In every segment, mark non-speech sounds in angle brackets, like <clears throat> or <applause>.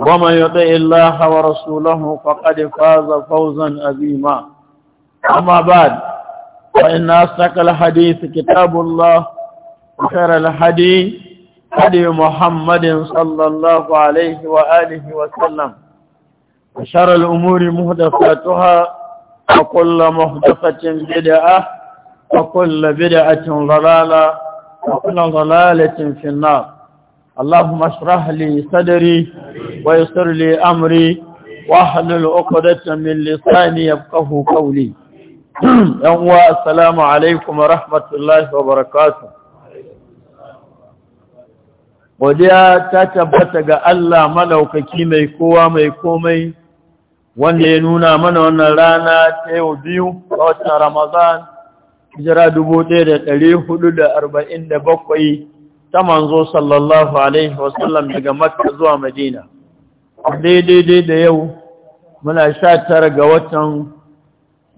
ومن يطع الله ورسوله فقد فاز فوزا عظيما أما بعد فإن أصدق الحديث كتاب الله وخير الحديث هدي محمد صلى الله عليه وآله وسلم وشر الأمور مهدفاتها وكل مهدفة بدعة وكل بدعة ضلالة وكل ضلالة في النار اللهم اشرح لي صدري ويسر لي أمري واحلل عقدة من لساني يفقه قولي <clears throat> يوم السلام عليكم ورحمة الله وبركاته godiya ta tabbata ga Allah malaukaki mai kowa mai komai wanda ya nuna mana wannan rana ta yau biyu a watan Ramadan hijira bakwai. ta manzo sallallahu alaihi wasallam daga makka zuwa madina daidai da yau muna sha tara ga watan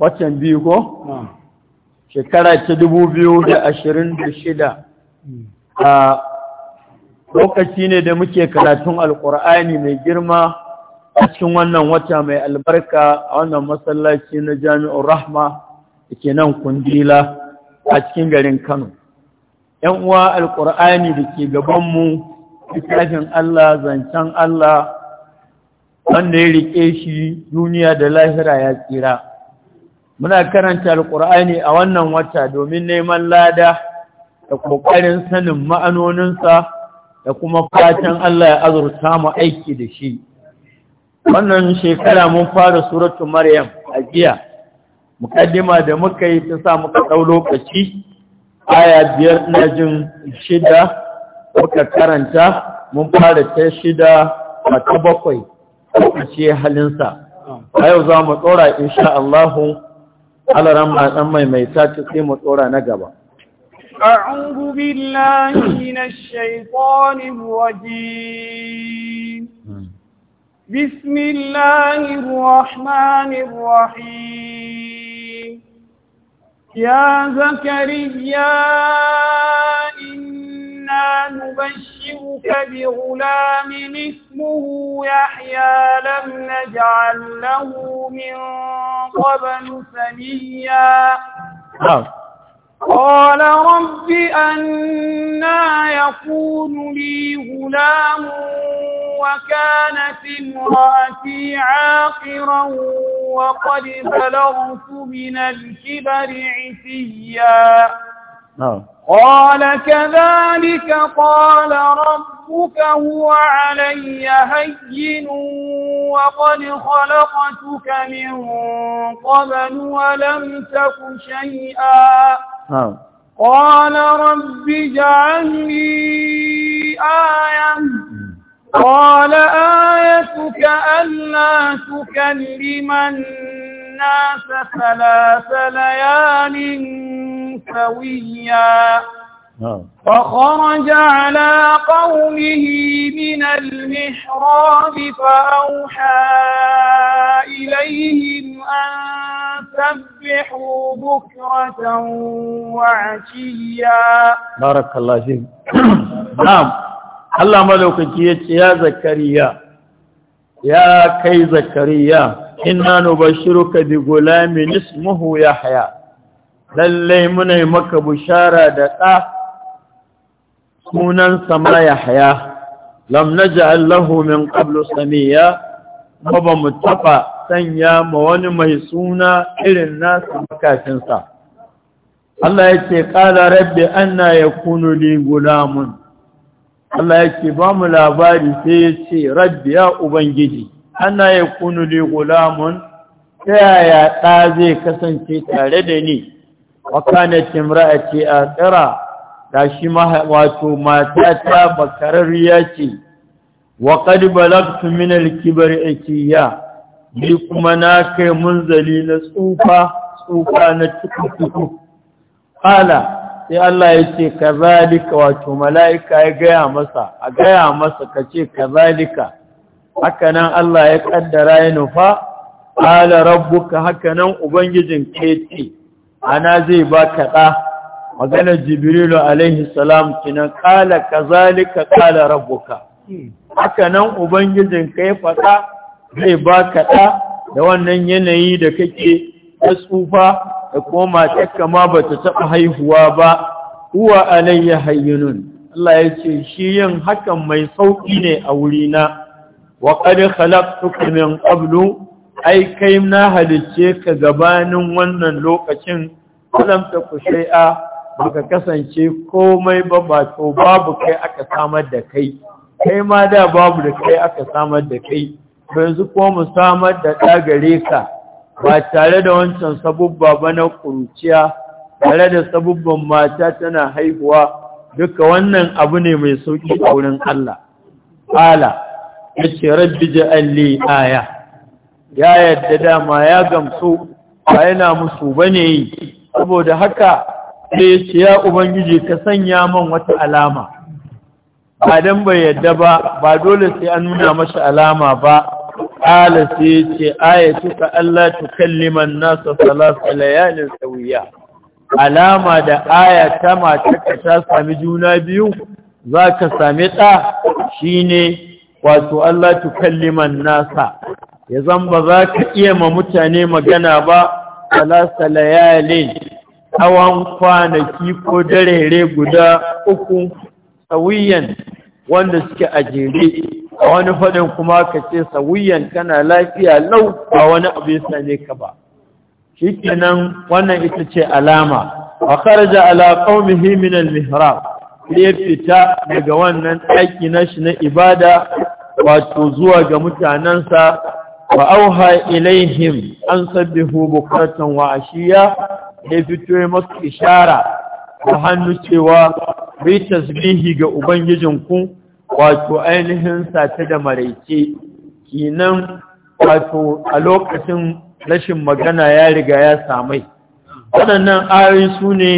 watan biyu ko? shekara ta dubu biyu da shida a lokaci ne da muke karatun alkur'ani mai girma a cikin wannan wata mai albarka a wannan masallaci na jami'ar rahma da ke nan kundila a cikin garin kano ‘yan uwa alƙur'ani da ke gabanmu littafin Allah zancen Allah wanda ya riƙe shi duniya da lahira ya tsira muna karanta alƙur'ani a wannan wata domin neman lada da ƙoƙarin sanin ma'anoninsa da kuma fatan Allah ya azurta mu aiki da shi wannan shekara mun fara suratul maryam a jiya mukaddima da muka yi ta sa muka ɗau lokaci aya biyar na jin shida muka karanta mun fara ta shida a ta bakwai a ce halinsa a yau za mu tsora insha Allahu alaran matsan mai ta ce, mu tsora na gaba أعوذ بالله من الشيطان الرجيم بسم الله الرحمن الرحيم يا زكريا إنا نبشرك بغلام اسمه يحيى لم نجعل له من قبل سميا نعم. قال رب أنا يكون لي غلام وكانت امرأتي عاقرا وقد بلغت من الكبر عتيا نعم. قال كذلك قال ربك هو علي هين وقد خلقتك من قبل ولم تك شيئا نعم. قال رب اجعل لي آية قال آيتك ألا تكلم الناس ثلاث ليال سويا نعم. فخرج على قومه من المحراب فأوحى إليهم أن سبحوا بكرة وعشيا بارك الله فيك <clears throat> نعم Allah malaukaki ya ce ya zakariya ya kai zakariya inna nubashiruka bi gulamin ismuhu yahya lalle muna maka bushara da ɗa sunan sama yahya lam naj'al lahu min qablu samiya baba ba sanya ma wani mai suna irin nasu makafinsa Allah ya ce qala rabbi anna yakunu li gulamun Allah yake ba mu labari sai ya ce rabbi ubangiji ana ya kunu li gulamun ta yaya ɗa zai kasance tare da ni wa kana timra'a ce a tsira da shi wato mata ta bakararriya ce wa qad balagtu min al-kibr atiya ni kuma na kai munzali na tsufa tsufa na tukutuku qala sai Allah ya ce kazalika wato mala'ika ya gaya masa a gaya masa ka ce kazalika haka nan Allah ya kaddara ya nufa ala rabbuka haka nan ubangijin kete ana zai ba ɗa maganar jibrilu alaihi salam kinan kala kazalika kala rabbuka haka nan ubangijin ka yi faɗa zai ba kaɗa. da wannan yanayi da kake ta tsufa da koma takka ma ba ta taɓa haihuwa ba huwa alayya nun. Allah ya ce shi yin hakan mai sauƙi ne a wurina wa qad khalaqtuka min ƙablu, ai kai na halicce ka gabanin wannan lokacin ku shai'a, ba ka kasance komai ba ba to babu kai aka samar da kai kai ma da babu da kai aka samar da kai yanzu ko mu samar da ɗagare ka ba tare da wancan sabubba ba na ƙuruciya tare da sabubban mata tana haihuwa duka wannan abu ne mai sauƙi a wurin Allah ala ya ce rabbi alli aya ya yadda dama ya gamsu ba yana musu ba bane yi saboda haka sai ya ce ya ubangiji ka sanya man wata alama Adam bai yadda ba ba dole sai an nuna mashi alama ba ƙala sai ya ce ayatu ka Allah tu kalliman nasa salasa layalin tsawiya alama da aya ta matarka ta sami juna biyu za ka sami ɗa shi ne wato Allah tu nasa ya zan ba za ka iya ma mutane magana ba salasa layalin tsawon kwanaki ko dare guda uku tsawiyan wanda suke a jere a wani faɗin kuma ka ce sauyan kana lafiya lau a wani abin ya ka ba shi kenan wannan ita ce alama a kharaja ala muhimminan min mihrab ya fita daga wannan ɗaki nashi na ibada wato zuwa ga mutanensa wa auha ilaihim an sabbihu bukratan wa ashiya ya fito ya masu ishara ta hannu cewa bai tasbihi ga ubangijinku wato ainihin sace da maraice kinan wato a lokacin rashin magana ya riga ya samai waɗannan ayoyi su ne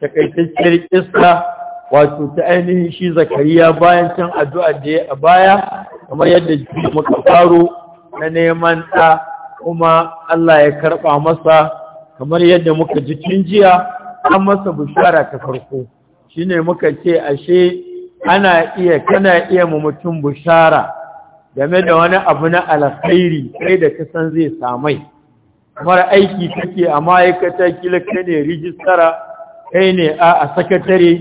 takaitacciyar kista wato ta ainihin shi zakariya bayan can addu'a da ya baya kamar yadda muka faro na neman ɗa kuma Allah ya karɓa masa kamar yadda muka ji jiya an masa bishara ta farko shine muka ce ashe ana iya kana iya mu mutum bushara game da wani abu na alkhairi kai da ka san zai samai kamar aiki take a ma'aikata kila kai ne rijistara kai ne a sakatare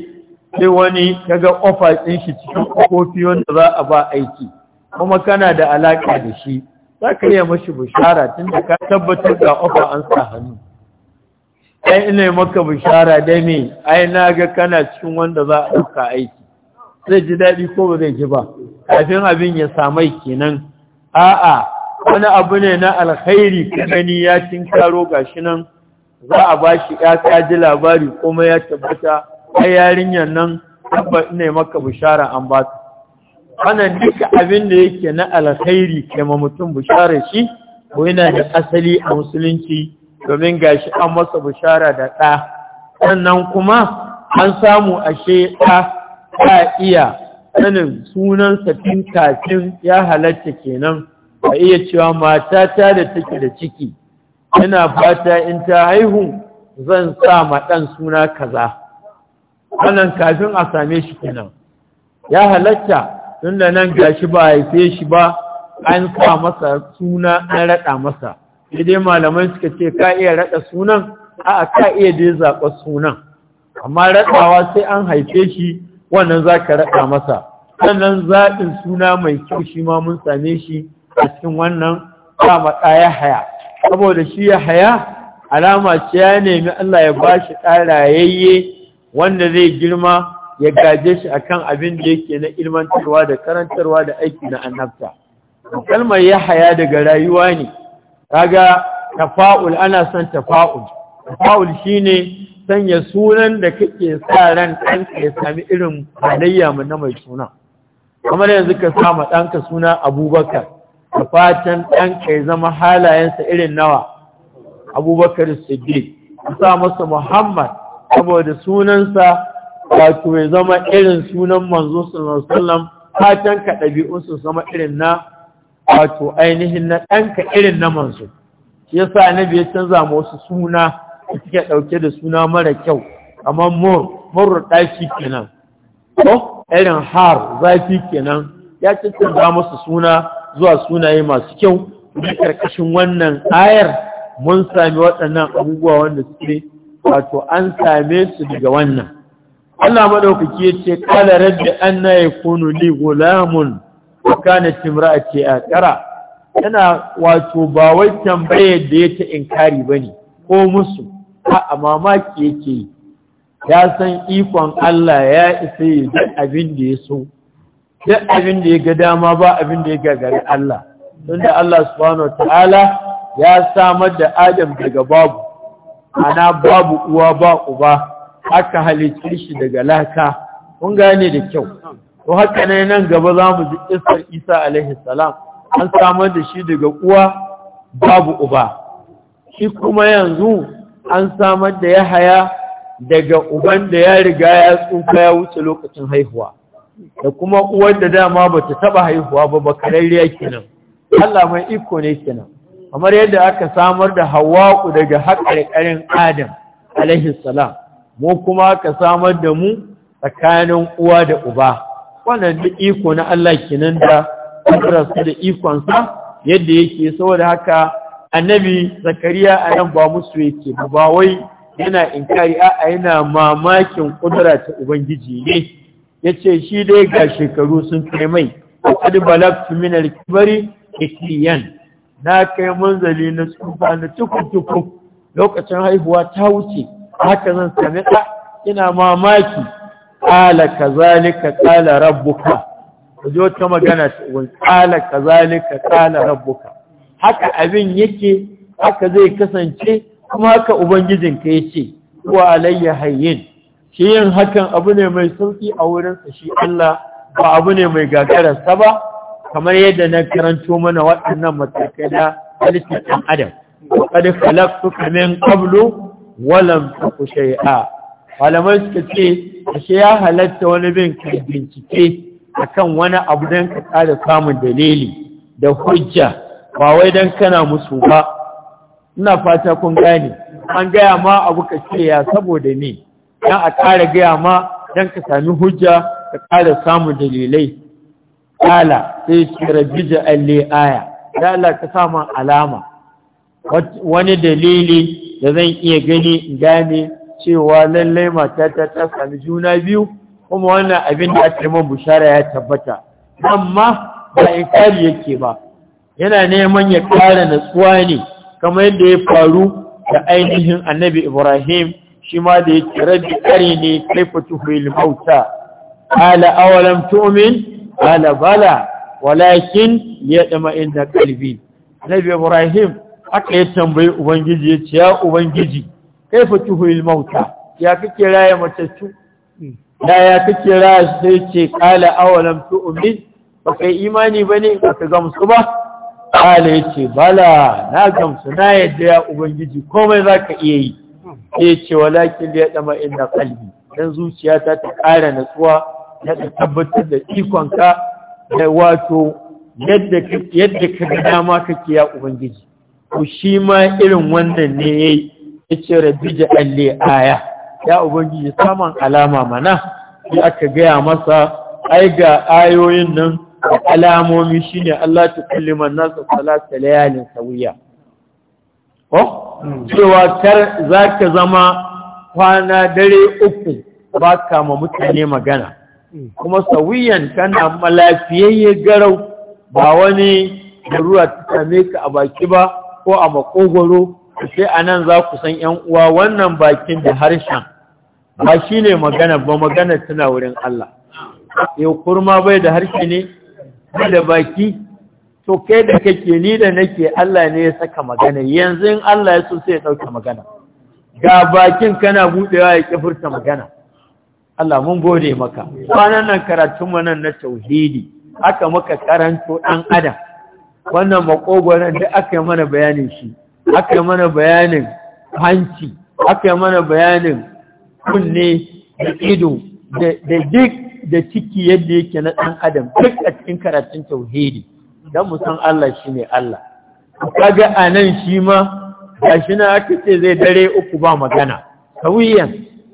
sai wani kaga ofa ɗin shi cikin kofi, wanda za a ba aiki kuma kana da alaka da shi za ka iya mashi bushara tun da ka tabbatar da ofa an sa hannu ai ina maka bushara dai me ai na ga kana cikin wanda za a ɗauka aiki zai ji daɗi ko ba zai ji ba kafin abin ya samai kenan a'a wani abu ne na alkhairi ka gani ya tinkaro gashi nan za a ba shi ya kaji labari kuma ya tabbata a yarinyar nan tabbat ne maka bishara an ba ta wannan duka abin da yake na alkhairi ke ma mutum bishara shi ko yana da asali a musulunci domin gashi an masa bishara da ɗa sannan kuma an samu ashe ɗa ba iya sanin sunan tun kafin ya halatta kenan a iya cewa matata da take da ciki yana fata in ta haihu zan sa ma ɗan suna kaza wannan kafin a same shi kenan ya halatta da nan gashi ba haife shi ba an sa masa suna an raɗa masa dai malamai suka ce ka iya raɗa sunan 'A'a ka iya dai zaɓa sunan amma raɗawa sai an haife shi wannan za ka raɗa masa sannan zaɗin suna mai kyau shi ma mun same shi a cikin wannan kama ɗaya haya saboda shi ya haya alama ce ya nemi Allah ya ba shi ɗarayayye wanda zai girma ya gaje shi akan abin da yake na ilmantarwa da karantarwa da aiki na annabta kalmar ya haya daga rayuwa ne kaga tafa'ul ana son tafa'ul tafa'ul shine sanya sunan da kake sa ran ɗanka ya sami irin halayya mu na mai suna kamar yanzu ka sama ɗanka suna abubakar da fatan ɗanka ya zama halayensa irin nawa abubakar siddiq ka sa masa muhammad saboda sunansa wato ya zama irin sunan manzo sallallahu alaihi wasallam fatan ka ɗabi'unsu zama irin na wato ainihin na ɗanka irin na manzo shi yasa annabi ya canza ma wasu suna da suke ɗauke da suna mara kyau amma mur mur kenan ko irin har zafi kenan ya cikin masu suna zuwa sunaye masu kyau da ƙarƙashin wannan ayar mun sami waɗannan abubuwa wanda suke wato an same su daga wannan Allah maɗaukaki ya ce kala radda yi kunu li gulamun a ce a ƙara, yana wato ba wai tambayar da ya ta inkari ne, ko musu a mamaki yake ya san ikon Allah ya isa yi duk abin da ya so duk abin da ya ga dama ba abin da ya gagari Allah tunda Allah subhanahu ta'ala ya samar da Adam daga babu ana babu uwa ba uba aka halicce shi daga laka kun gane da kyau to haka ne nan gaba za mu ji isar Isa alaihi salam an samar da shi daga uwa babu uba shi kuma yanzu an samar da yahaya daga uban da ya riga ya tsufa ya wuce lokacin haihuwa da kuma uwar da dama ba ta taba haihuwa ba ba kararriya kenan Allah mai iko ne kenan kamar yadda aka samar da ku daga haƙarƙarin adam alaihi salam mu kuma aka samar da mu tsakanin uwa da uba wannan duk iko na Allah kenan da ƙudurarsa da ikonsa yadda yake saboda haka annabi zakariya a nan ba musu yake ba wai yana inkari a yana mamakin kudura ta ubangiji ne ya ce shi dai ga shekaru sun kai mai a balagtu min al-kibari kiyan. na kai manzali na tsufa na tukutuku. lokacin haihuwa ta wuce haka zan sami ɗa ah, ina mamaki ƙala kazalika tsala rabbuka ku ji wata magana ta ubangi ka kazalika tsala rabbuka haka abin yake haka zai kasance kuma haka ubangijinka ya ce wa alayya hayyin shi yin hakan abu ne mai sauki a wurinsa shi Allah ba abu ne mai gagararsa ba kamar yadda na karanto mana waɗannan matakai na halittar ɗan adam وقد خلقتك من قبل ولم تك شيئا malamai suka ce ashe ya halatta wani bin ka bincike akan wani abu don ka tsara samun dalili da hujja ba wai don kana musu ba ina fata kun gane an gaya ma abu ka ya saboda ne don a ƙara gaya ma don ka sami hujja ka ƙara samun dalilai ƙala sai ce rabbi alle aya ya Allah ka samun alama wani dalili da zan iya gani in gane cewa lallai matata ta sami juna biyu kuma wannan abin da ake man bushara ya tabbata amma ba in kari yake ba yana neman ya ƙara natsuwa ne kamar yadda ya faru da ainihin annabi ibrahim shi ma da ya kira da ƙari ne kai fatuhul mauta ala awalam tu'min ala bala walakin ya dama inda kalbi annabi ibrahim aka ya tambayi ubangiji ya ce ya ubangiji kai fatuhul mauta ya kake raya matattu da ya kake raya sai ce kala awalam tu'min ba kai imani bane ba ka gamsu ba ƙala ya ce bala na gamsu na yadda ya ubangiji komai za ka iya yi ya ce walakin ya ɗama inda kalbi don zuciyata ta ƙara natsuwa ya ta tabbatar da ikonka da wato yadda ka ga dama kake ya ubangiji ku shi ma irin wannan ne ya yi ya ce Rabi da alle aya ya ubangiji saman alama mana sai aka gaya masa ai ga ayoyin nan da alamomi ne Allah ta kullima nasu salata layalin sawiya ko hmm. cewa kar zaka zama kwana dare uku ba ka ma mutane magana hmm. kuma sawiyan kana malafiyayye garau ba wani ruwa ta same ka a baki ba ko a makogoro sai a nan za ku san ‘yan uwa wannan bakin da harshen ba shi ne magana ba magana tana wurin Allah. Yau hmm. eh, kurma bai da harshe ne, ba da baki to kai da kake ni da nake Allah ne ya saka magana yanzu in Allah ya so sai ya dauka magana ga bakin kana budewa ya kifurta magana Allah mun gode maka kwanan nan karatun mu nan na tauhidi aka maka karanto dan adam wannan makogoran da aka yi mana bayanin shi aka yi mana bayanin hanci aka yi mana bayanin kunne da ido da duk da ciki yadda yake na ɗan adam duk a cikin karatun tauhidi don mu san Allah shi ne Allah kaga a nan shi ma ga shi na aka ce zai dare uku ba magana sauyan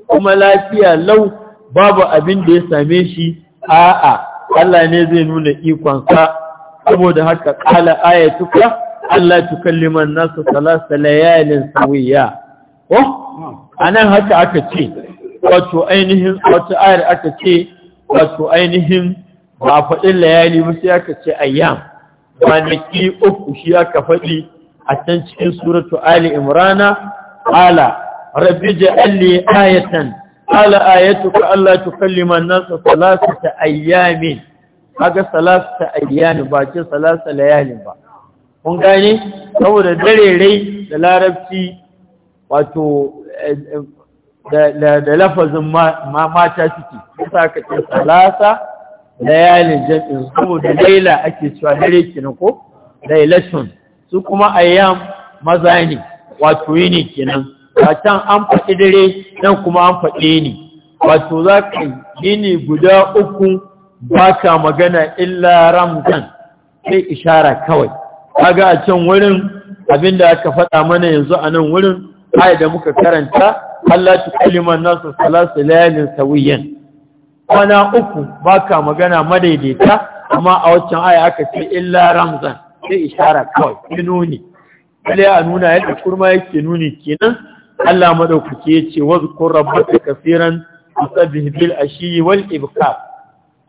kuma lafiya lau babu abin da ya same shi a'a Allah ne zai nuna ikonsa saboda haka kala ayatuka Allah tukalliman nasu salasa layalin Oh, a anan haka aka ce wato ainihin wata ayar aka ce wato ainihin ba a faɗi layali ba sai aka ce ayyam kwanaki uku shi aka faɗi a can cikin suratu ali imrana ala rabbi ja'alli ayatan ala ayatuka Allah tukallima an-nasa salasata ayyamin kaga salasata ayyami ba ce salasa layalin ba kun gane saboda dare rai da larabci wato eh, eh, da lafazin mata suke kusa ka ce salasa layalin jami'in saboda laila ake cewa dare kenan ko lailatun su kuma ayyam maza ne wato ne kenan a can an faɗi dare nan kuma an faɗi ne. wato za ka yi ne guda uku ba ka magana illa ramzan sai ishara kawai kaga a can wurin abinda aka faɗa mana yanzu a nan wurin ai da muka karanta Allah ta kalima nasu salasu layalin sawiyan kwana uku baka magana madaidaita amma a waccan aya aka ce illa ramzan sai ishara kawai ya nuni kalai a nuna yadda kurma yake nuni kenan Allah madaukaki ya ce rabu da kafiran tusabbih bil ashi wal ibka.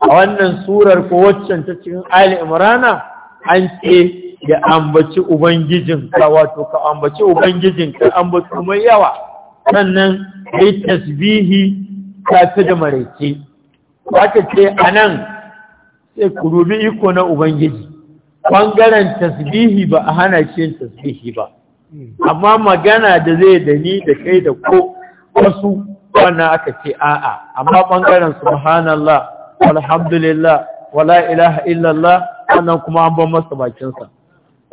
a wannan surar ko waccan ta cikin ali imrana an ce ya ambaci ka! wato ka ambaci ubangijin ka ambaci mai yawa sannan ya yi tasbihi tafi da maraice aka ce a nan sai ku iko na ubangiji ɓangaren tasbihi ba a hana shi tasbihi ba amma magana da zai da ni da kai da ko wasu wannan aka ce a'a amma ɓangaren subhanallah alhamdulillah wala ilaha illallah wannan kuma an ban masa bakinsa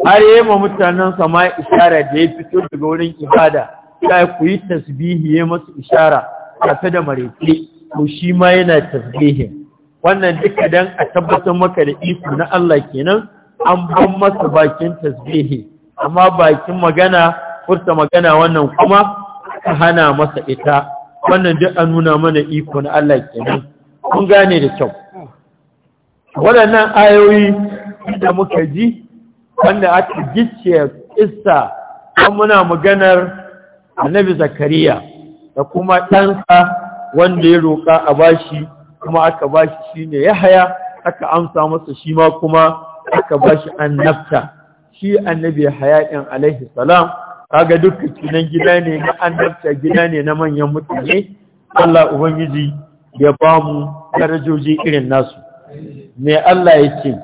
har yi ma mutanen sama isharar da ya fito daga wurin ibada ya ku yi tasbihi ya masu ishara tafi da mareke to shi ma yana tasbihin wannan duka dan a tabbatar maka da iku na Allah kenan an ban masa bakin tasbihi amma bakin magana furta magana wannan kuma ka hana masa ita wannan duk an nuna mana iku na Allah kenan kun gane da kyau waɗannan ayoyi da muka ji wanda aka gicciyar isa an muna maganar annabi zakariya da kuma ɗansa wanda ya roƙa a bashi kuma aka bashi shine yahaya aka amsa masa shi ma kuma aka bashi annabta shi annabi yahaya ɗin alaihi salam kaga dukkan cinan gida ne na annabta gida ne na manyan mutane Allah ubangiji ya ba mu darajoji irin nasu me Allah ya ce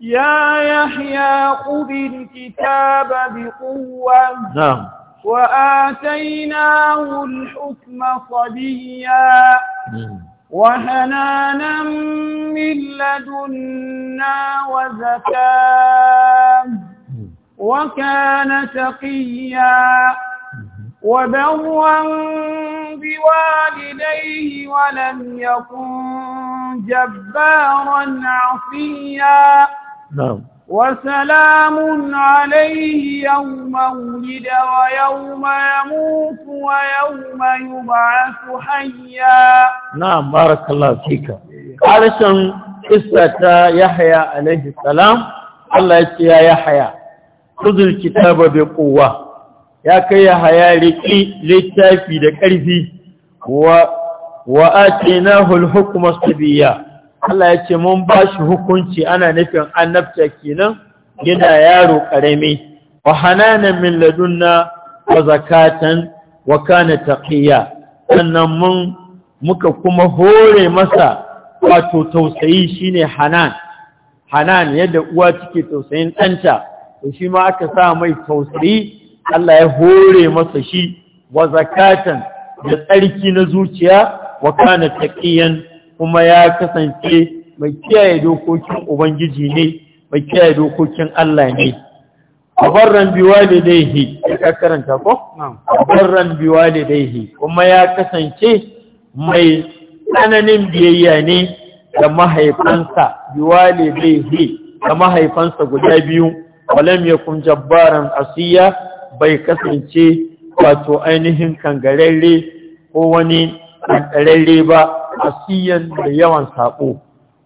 ya yahya qudil kitaba biquwwa na'am وآتيناه الحكم صبيا نعم. وهنانا من لدنا وزكاة وكان تقيا وبرا بوالديه ولم يكن جبارا عصيا نعم وسلام عليه يوم ولد ويوم يموت ويوم يبعث حيا نعم بارك الله فيك علشان قصة يحيى عليه السلام الله يا يحيى خذ الكتاب بقوة يا كي يحيى لكي للتافي لكرفي و... وآتيناه الحكم الصبية Allah ya ce mun ba shi hukunci ana nufin annabta kenan gina yaro ƙarami wa hananan min ladunna wa zakatan wa kana taqiya sannan mun muka kuma hore masa wato tausayi shine hanan hanan yadda uwa take tausayin ɗanta to shi ma aka sa mai tausayi Allah ya hore masa shi wa zakatan da tsarki na zuciya wa kana taqiyan kuma ya kasance mai kiyaye dokokin ubangiji ne mai kiyaye dokokin Allah ne A abarran biwalidayhi ya karanta ko abarran biwalidayhi kuma ya kasance mai tsananin biyayya ne da mahaifansa biwa da mahaifansa guda biyu walam kun jabbaran asiya bai kasance wato ainihin kangararre ko wani kankararre ba asiyan da yawan saƙo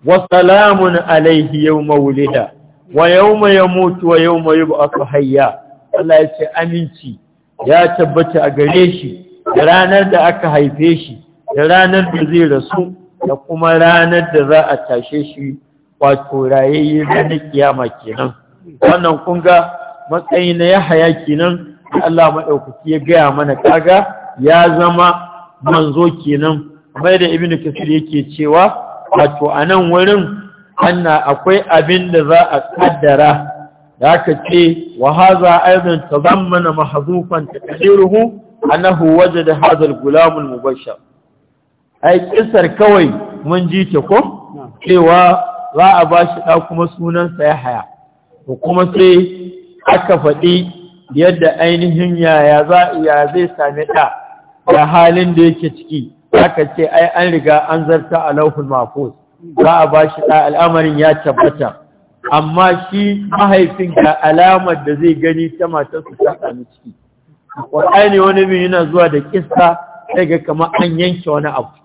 wa salamun alaihi yau maulida. wa yau ma ya mutu wa yau ma yi ba hayya Allah ya ce aminci ya tabbata a gare shi da ranar da aka haife shi da ranar da zai rasu da kuma ranar da za a tashe shi wato rayayye na kiyama kenan wannan kunga matsayi na ya haya kenan Allah maɗaukaki ya gaya mana kaga ya zama manzo kenan kamar da ibn kasir yake cewa wato a nan wurin anna akwai abin da za a kaddara da aka ce wa haza aidan tazammana mahzufan taqdiruhu annahu wajada hadha al-gulam al-mubashshar ai kisar kawai mun ji ta ko cewa za a shi da kuma sunan sa haya, ko kuma sai aka faɗi yadda ainihin yaya za iya zai same ta da halin da yake ciki aka ce ai an riga an zarta a laufin mafus za a ba shi al'amarin ya tabbata amma shi mahaifin ga alamar da zai gani ta matarsa ta sami ciki ne wani bin yana zuwa da ƙista ga kamar an yanke wani abu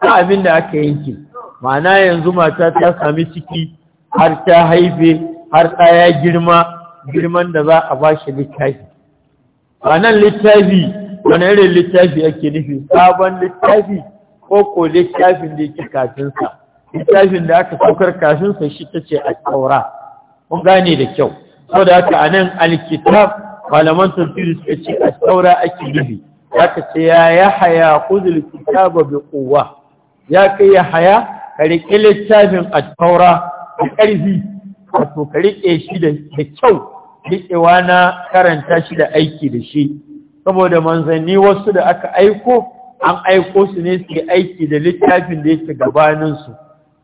ta abin da aka yanke ma'ana yanzu mata ta sami ciki har ta haife har ɗaya girma girman da za a ba shi littafi littafi wani irin littafi yake nufi sabon littafi ko ko littafin da yake kafinsa littafin da aka saukar kafinsa shi ta ce a taura kun gane da kyau sau da aka a nan alkitab malaman tafsiri suka ce a taura ake nufi aka ce ya ya haya kuzul kitaba bi kowa ya kai ya haya ka riƙe littafin a taura da ƙarfi wato ka riƙe shi da kyau riƙewa na karanta shi da aiki da shi saboda manzanni wasu da aka aiko an aiko su ne su aiki da littafin da yake gabaninsu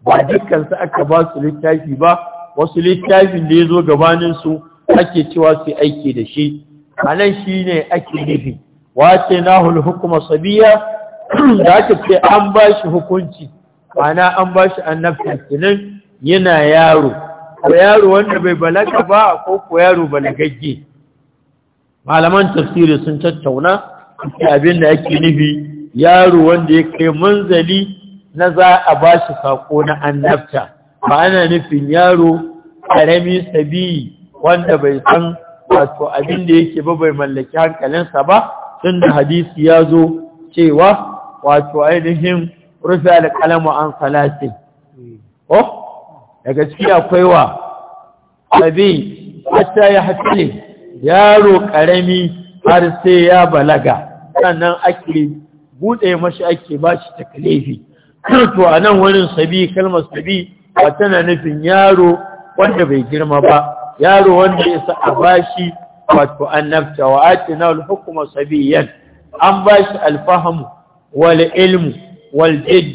ba dukkansu aka ba su littafi ba wasu littafin da ya zo gabaninsu ake cewa su aiki da shi a nan shi ne ake nufi wace na hukuma sabiya da aka ce an ba shi hukunci ana an ba shi annabta kenan yana yaro ko yaro wanda bai balaga ba ko ko yaro balagagge malaman tafsiri sun tattauna abin da ake nufi yaro wanda ya kai manzali na za a ba shi sako na annabta ba ana nufin yaro ƙarami sabiyi wanda bai san wato abin da yake ba bai mallaki hankalinsa ba tun da hadisi ya zo cewa wato ainihin rufe alƙalama an salati oh daga ciki akwai wa sabi hatta ya hatta yaro ƙarami har sai ya balaga sannan ake buɗe mashi ake ba shi kalefi to a nan wurin sabi kalmar sabi ba tana nufin yaro wanda bai girma ba yaro wanda ya sa a bashi wato annabta wa atina al sabiyan an bashi al-fahm wal ilm wal jidd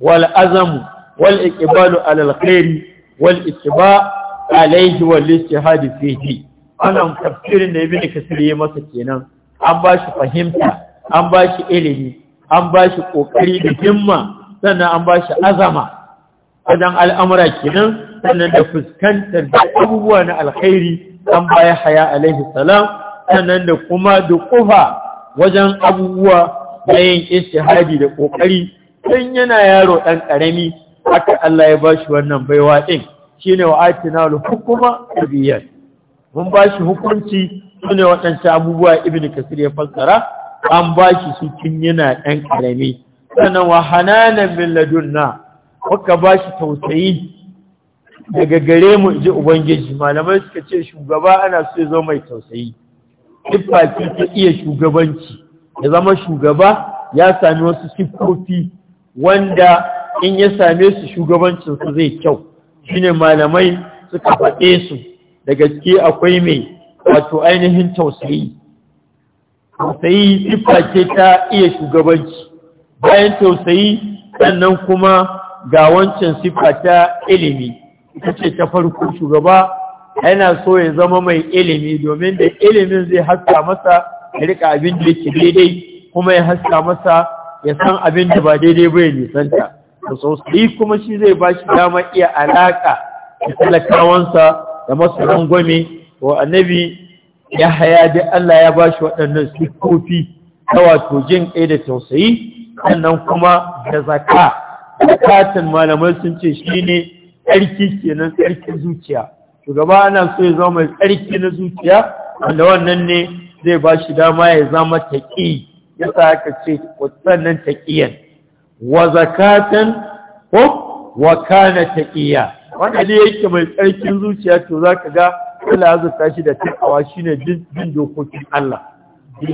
wal azamu wal iqbal ala al wal ittiba alaihi wal istihad fihi wannan tafsirin da ibn kasir ya masa kenan an ba shi fahimta an ba shi ilimi an ba shi kokari da himma sannan an ba shi azama wajen al'amura kenan sannan da fuskantar da abubuwa na alkhairi an baya haya alaihi salam sannan da kuma da kufa wajen abubuwa na yin istihadi da kokari sun yana yaro ɗan ƙarami haka Allah ya ba shi wannan baiwa ɗin shine na al-hukuma tabiyyah mun ba shi hukunci su ne waɗancan abubuwa ibn kasir ya fassara an ba shi su tun yana ɗan ƙarami sannan wa hananan min na waka ba shi tausayi daga gare mu ji ubangiji malamai suka ce shugaba ana so ya zama mai tausayi siffa ta iya shugabanci ya zama shugaba ya sami wasu siffofi wanda in ya same su shugabancinsu zai kyau shine malamai suka faɗe su da gaske akwai mai wato ainihin tausayi tausayi siffa ce ta iya shugabanci bayan tausayi sannan kuma ga wancan siffa ta ilimi ita ce ta farko shugaba yana so ya zama mai ilimi domin da ilimin zai haska masa ya rika abin da yake daidai kuma ya haska masa ya san abin da ba daidai ba ya nisanta da sosai kuma shi zai ba shi dama iya alaka da talakawansa da masu rangwame wa annabi ya haya da Allah ya ba shi waɗannan siffofi ta wato jin ƙai da tausayi sannan kuma da zaka zakatan malamai sun ce shi ne tsarki kenan tsarkin zuciya shugaba ana so ya zama mai tsarki na zuciya wanda wannan ne zai ba shi dama ya zama taƙi ya sa aka ce sannan taƙiyan wa zakatan ko wa kana taƙiya wanda ne yake mai tsarkin zuciya to za ka ga Allah ya zata shi da shi ne bin dokokin Allah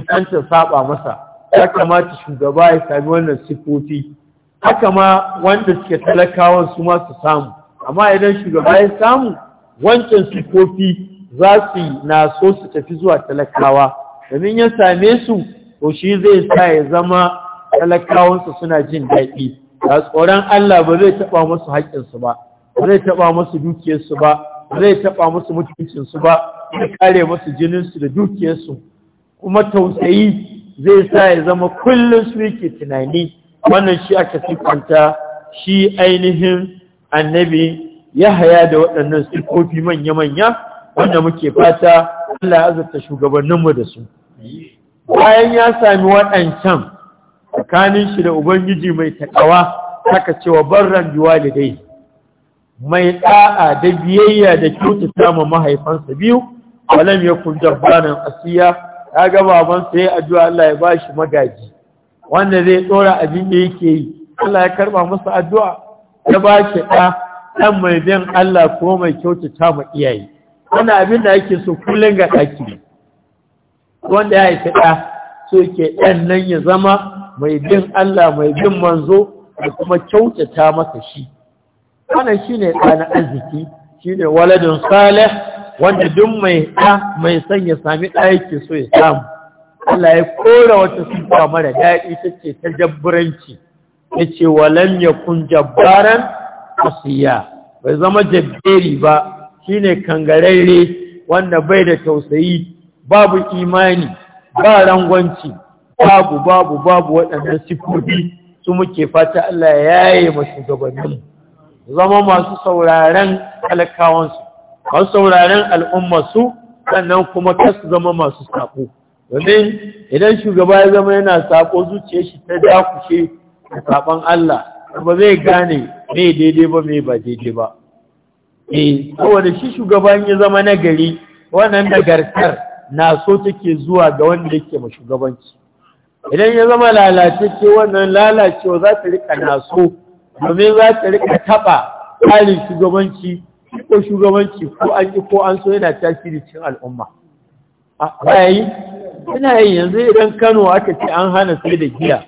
ta saba masa ya kamata shugaba ya sami wannan sifofi haka ma wanda suke talakawan su ma su samu amma idan shugaba ya samu wancan sifofi za su na so su tafi zuwa talakawa domin ya same su to shi zai sa ya zama talakawansu suna jin daɗi da tsoron Allah ba zai taɓa musu haƙƙinsu ba zai taɓa musu dukiyarsu ba zai taɓa musu mutuncinsu ba zai kare musu jininsu da dukiyarsu kuma tausayi zai sa ya zama kullum su yake tunani wannan shi aka sifanta shi ainihin annabi ya haya da waɗannan sifofi manya-manya wanda muke fata Allah ya azurta shugabanninmu da su bayan ya sami waɗancan tsakanin shi da ubangiji mai takawa haka cewa barran dai. mai da'a da biyayya da kyautata ma mahaifansa biyu walam yakun jabbanan asiya ya ga babansa ya addu'a Allah ya bashi magaji wanda zai tsora abin da yake yi Allah ya karba masa addu'a ya bashi da dan mai bin Allah ko mai kyautata ma iyaye wannan abin da yake so kullun ga daki wanda ya haifi da so ke dan nan ya zama mai bin Allah mai bin manzo da kuma kyautata masa shi wannan shi ne ɗan arziki ne waladin salih wanda duk mai ɗa mai son ya sami ɗa yake so ya samu Allah ya kora wata sifa mara daɗi ta ce ta jabburanci ya ce walam ya kun jabbaran asiya bai zama jabberi ba Shi ne kangararre wanda bai da tausayi babu imani ba rangwanci babu babu babu waɗannan sifofi su muke fata Allah ya yaye mu zama masu sauraren talakawansu masu sauraren su, sannan kuma kasu zama masu sako domin idan shugaba ya zama yana sako zuciyar shi ta dakushe a saban Allah ba zai gane mai daidai ba mai ba daidai ba eh saboda shi shugaban ya zama nagari wannan nagartar na so take zuwa ga wanda yake ma shugabanci idan ya zama ce wannan lalacewa za ta rika naso domin za ta rika taɓa tsarin shugabanci ko shugabanci ko an yi ko an so yana tasiri cin al'umma a yi suna yi yanzu idan kano aka ce an hana sai da giya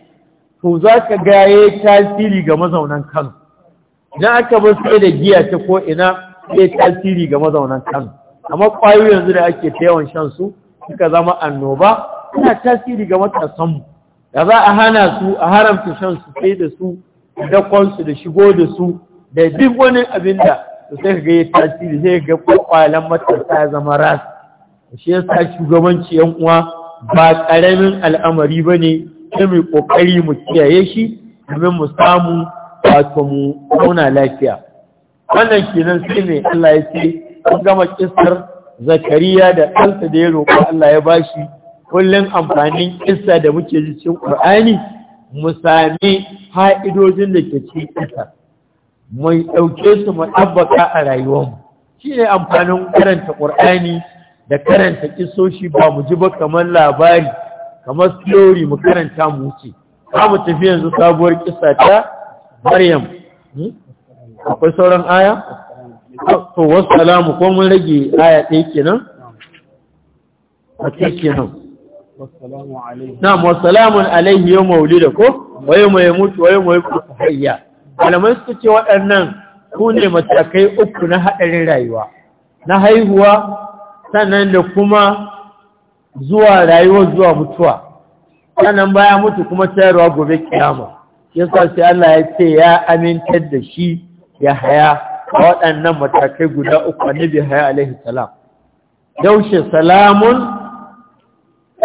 to za ka gaye tasiri ga mazaunan kano idan aka bar sai da giya ta ko ina sai tasiri ga mazaunan kano amma ƙwayoyi yanzu da ake ta yawan shan su suka zama annoba suna tasiri ga matasanmu da za a hana su a haramta shan su sai da su dakonsu da shigo da su da duk wani abin da sai ga ya tasiri sai ga kwakwalen matasa ya zama ras shi yasa shugabanci yan uwa ba ƙaramin al'amari ba ne sai mai ƙoƙari mu kiyaye shi domin mu samu wato mu zauna lafiya wannan kenan sai ne Allah ya ce an gama kissar zakariya da ɗansa da ya roƙa Allah ya bashi kullum amfanin kissa da muke ji cikin ƙur'ani mu sami ha’idojin da ke cikin ƙasa ɗauke su mu ɗabbaka a rayuwarmu shi ne amfanin karanta ƙur'ani da karanta ƙisoshi ba mu ji ba kamar labari kamar theory mu karanta mu wuce za mu tafi yanzu sabuwar ƙisa ta maryam hmm? akwai sauran aya to wasu alamu ko mun rage aya ɗaya kenan a kenan na'am wassalamu alaihi yau maulida ko waye mai mutu waye mai kusa hayya Alamai suka ce waɗannan ku ne matakai uku na haɗarin rayuwa na haihuwa sannan da kuma zuwa rayuwar zuwa mutuwa sannan baya mutu kuma tayarwa gobe kiyama yasa sai Allah ya ce ya amintar da shi ya haya a waɗannan matakai guda uku annabi haya alaihi salam yaushe salamun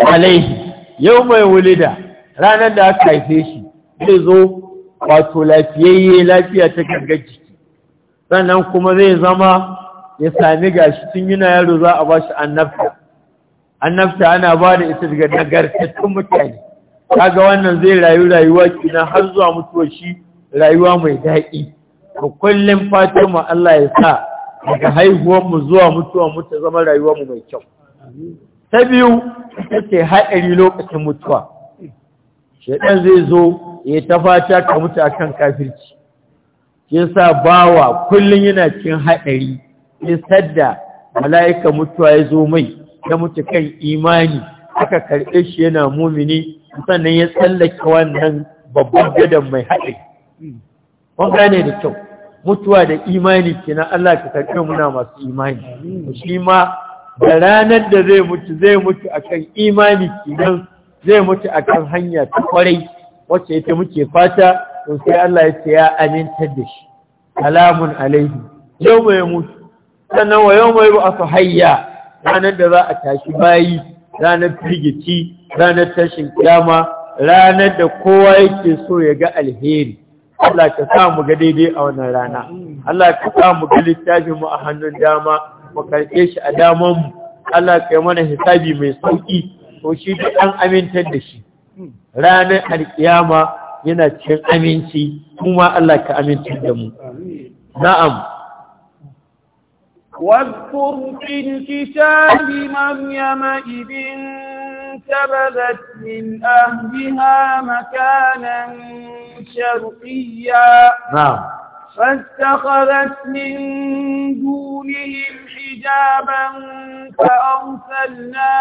alaihi yau mai wulida ranar da aka haife shi zai zo wato lafiyayye lafiya ta gangar jiki sannan kuma zai zama ya sami gashi tun yana yaro za a ba shi annabta annabta ana ba da ita daga nagartattun mutane kaga wannan zai rayu rayuwa kina har zuwa mutuwar shi rayuwa mai daɗi ko kullum fatan mu Allah ya sa daga haihuwar mu zuwa mutuwar mu ta zama rayuwar mu mai kyau ta biyu ta ce haɗari lokacin mutuwa ɗan zai zo ya ta fata ka mutu a kan kafirci ya sa bawa kullum yana cin haɗari ya sadda mala'ika mutuwa ya zo mai ya mutu kan imani aka karɓe shi yana mumini sannan ya tsallake wannan babban gadon mai haɗari wani gane da kyau mutuwa da imani kenan Allah ka karɓe muna masu imani shi ma da ranar da zai mutu zai mutu akan imani kinan zai mutu akan hanya ta kwarai wacce ita muke fata to sai Allah ya ce ya amintar da shi salamun alaihi yau mai mutu sannan wa yau mai ba hayya ranar da za a tashi bayi ranar firgici ranar tashin kiyama ranar da kowa yake so ya ga alheri Allah ka sa mu ga daidai a wannan rana Allah ka sa mu ga littafin mu a hannun dama mu karɓe shi a damanmu Allah kai mana hisabi mai sauƙi to shi duk an amintar da shi ranar alƙiyama yana cikin aminci kuma Allah ka amintar da mu na'am واذكر في الكتاب مريم إذ انتبذت من أهلها مكانا شرقيا نعم فاتخذت من دونهم حجابا فأرسلنا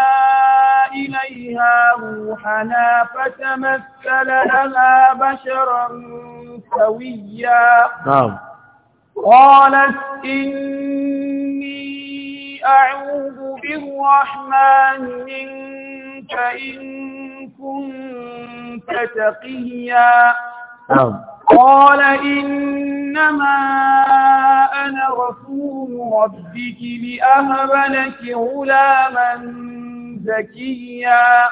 إليها روحنا فتمثل لها بشرا سويا نعم قالت إني أعوذ بالرحمن منك إن كنت تقيا نعم قال إنما أنا رسول ربك لأهب لك غلاما زكيا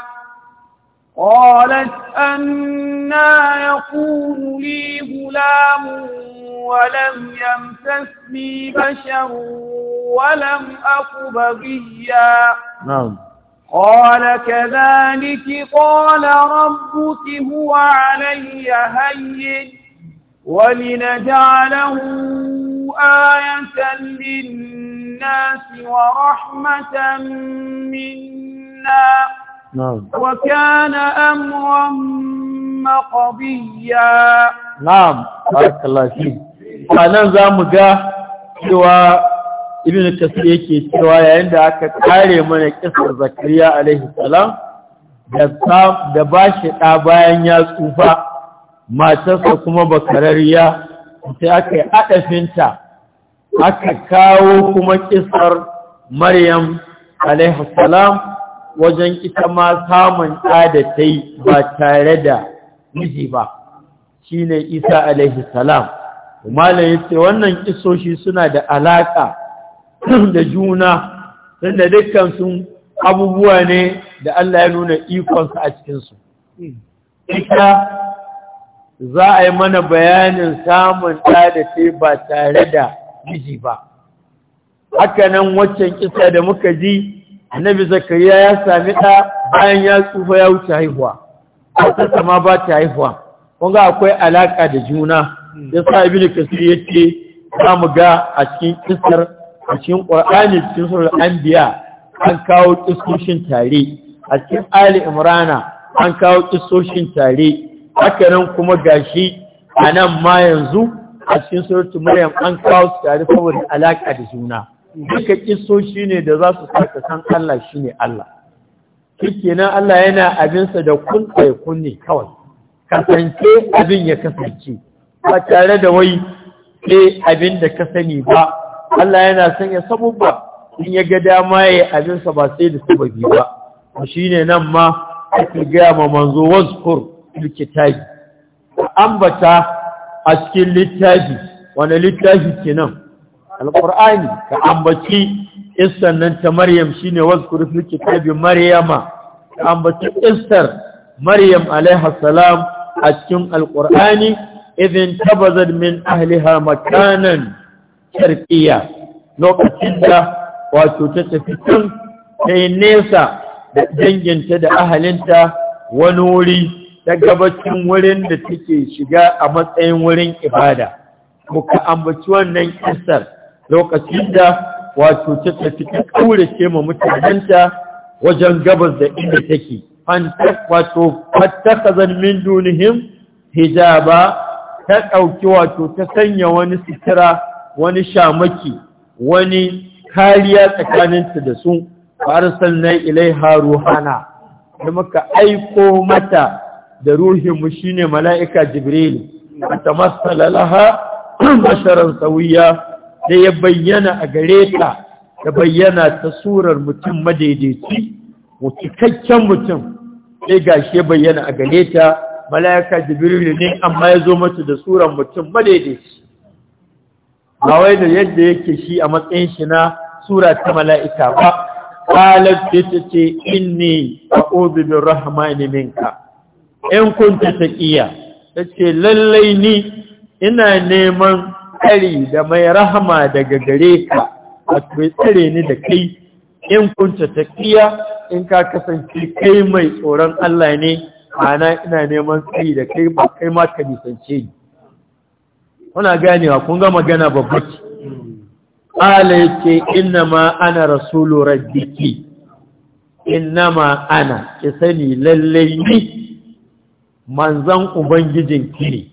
قالت أنا يقول لي غلام ولم يمسسني بشر ولم أق بغيا نعم قال كذلك قال ربك هو علي هين ولنجعله آية للناس ورحمة منا نعم. وكان أمرا مقضيا نعم بارك الله فيك فأنا ذا مجاه سوى ibn kasir yake cewa yayin da aka kare mana kisar zakariya alaihi salam da ba shi ɗa bayan ya tsufa matarsa kuma bakararriya sai aka yi haɗafinta aka kawo kuma kisar maryam alaihi salam wajen ita ma samun da ta ba tare da miji ba shine isa alaihi salam malam ya ce wannan kisoshi suna da alaƙa da juna don da dukkansu abubuwa ne da Allah ya nuna ikonsa a cikinsu. ika za a yi mana bayanin samun ɗa da ce ba tare da miji ba. haka nan waccan kisa da muka ji, annabi zakariya ya sami ɗa bayan ya tsufa ya wuce haihuwa, a ma ba ta haihuwa. Kunga akwai alaƙa da juna, ya sa ibi da ya ce, za mu ga a cikin kisar a cikin ƙwar'ani cikin surar anbiya an kawo ƙisoshin tare a cikin ali imrana an kawo ƙisoshin tare haka nan kuma gashi a nan ma yanzu a cikin surutu maryam an kawo su tare saboda alaƙa da juna duka ƙisoshi ne da za su saka san allah shi ne allah kenan allah yana abinsa da kun kunne kawai kasance abin ya kasance ba tare da wai sai eh, abin da ka sani ba Allah yana ya sabubba in ya ga dama ya abinsa ba sai da sababi ba shi ne nan ma ake gaya ma manzo wazkur likitabi ambata a cikin littafi wani littafi kenan alkur'ani ka ambaci issan nan ta maryam shine wazkur likitabi maryama ka ambaci istar maryam alaiha salam a cikin alkur'ani idin tabazad min ahliha makanan sharqiyya lokacin da wato ta tafi tun yi nesa da danginta da ahalinta wani wuri ta gabacin wurin da take shiga a matsayin wurin ibada muka ambaci wannan kisar lokacin da wato ta tafi ta ce ma mutanenta wajen gabas da inda take wato zan min dunihim hijaba ta ɗauki wato ta sanya wani sitira wani shamaki wani kariya tsakaninta da su farsalna ilaiha ruhana da muka aiko mata da ruhinmu shine mala'ika jibril atamassala laha basharan sawiya da ya bayyana a gare ta da bayyana ta surar mutum madaidaici cikakken mutum sai gashi bayyana a gare ta mala'ika jibril ne amma ya zo mata da surar mutum madaidaici ba wai da yadda yake shi a matsayin shi na sura ta mala'ika ba ce, qalat tace inni rahama ne minka Yan kunta ta ta ce lallai ni ina neman tsari da mai rahama daga gare ka wato tsare ni da kai yan kunta ta ƙiya in ka kasance kai mai tsoron Allah ne ana ina neman tsari da kai ba kai ma ka nisance ni kuna ganewa kun ga magana babba ce qala yace innama ana rasulu rabbiki innama ana ki sani lallai ni manzan ki ne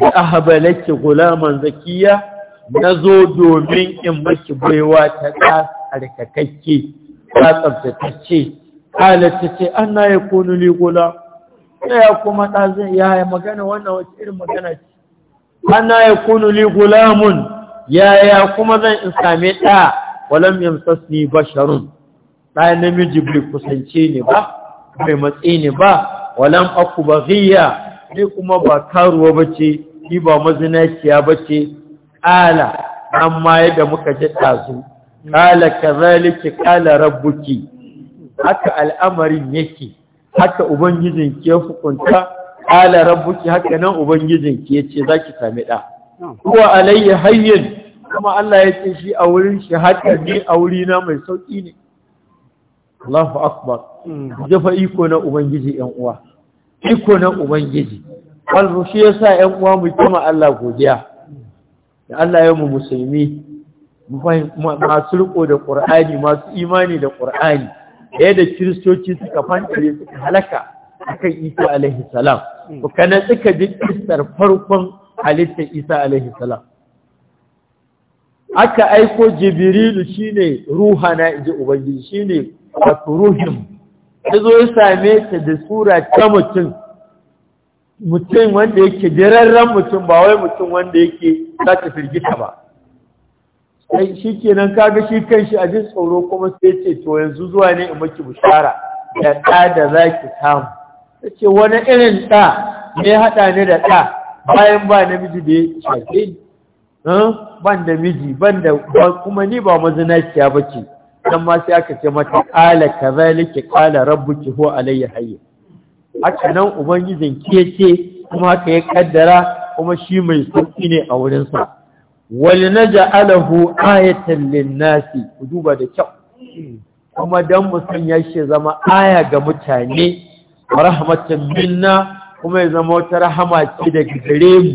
da ahbalaki gulaman zakiya nazo domin in maki baiwa ta tsarkakakke ta tsabtatacce qala tace anna yakunu li gula ya kuma ɗazin ya yi magana wannan irin magana ce ana ya kunu li gulamun yaya kuma zan in same ɗa walam yamsasni basharun ɗaya namiji bai kusance ne ba bai matse ne ba walam aku baghiya ni kuma ba karuwa ba ce, ni ba mazinaciya bace Ƙala! amma yadda muka ji ɗazu. ƙala ka zalike ƙala rabbuki haka al'amarin yake haka ubangijin ke hukunta ala rabbuki haka nan ubangijinki yace zaki sami da Kuwa alayya hayyin kuma Allah ya ce shi a wurin shi haka ne a wuri na mai sauki ne Allahu akbar jafa iko na ubangiji yan uwa iko na ubangiji wal shi sa yan uwa mu kuma Allah godiya da Allah ya mu musulmi masu riko da ƙur'ani masu imani da ƙur'ani ɗaya da kiristoci suka fantare suka halaka akan isa alaihi salam to kana suka ji farkon halittar Isa alaihi salam aka aiko Jibrilu shine ruhana inji ubangiji shine wato ruhin yazo ya same ta da sura ta mutum mutum wanda yake dirarren mutum ba wai mutum wanda yake za ta firgita ba sai shi kenan kaga shi kanshi a jin tsoro kuma sai ce to yanzu zuwa ne in maki bishara da ɗa da za ki samu ta ce wani irin ɗa ne haɗa ne da ɗa bayan ba namiji da ya shafe ban da miji ban da kuma ni ba mazinaciya ba ce dan ma sai aka ce mata qala kazalika qala rabbuki huwa alayya hayy haka nan ubangijin ke kuma haka ya kaddara kuma shi mai sauƙi ne a wurin sa na ja'alahu ayatan linnasi nasi duba da kyau kuma dan mu sanya shi zama aya ga mutane rahmatan minna kuma ya zama wata rahama ce daga gare mu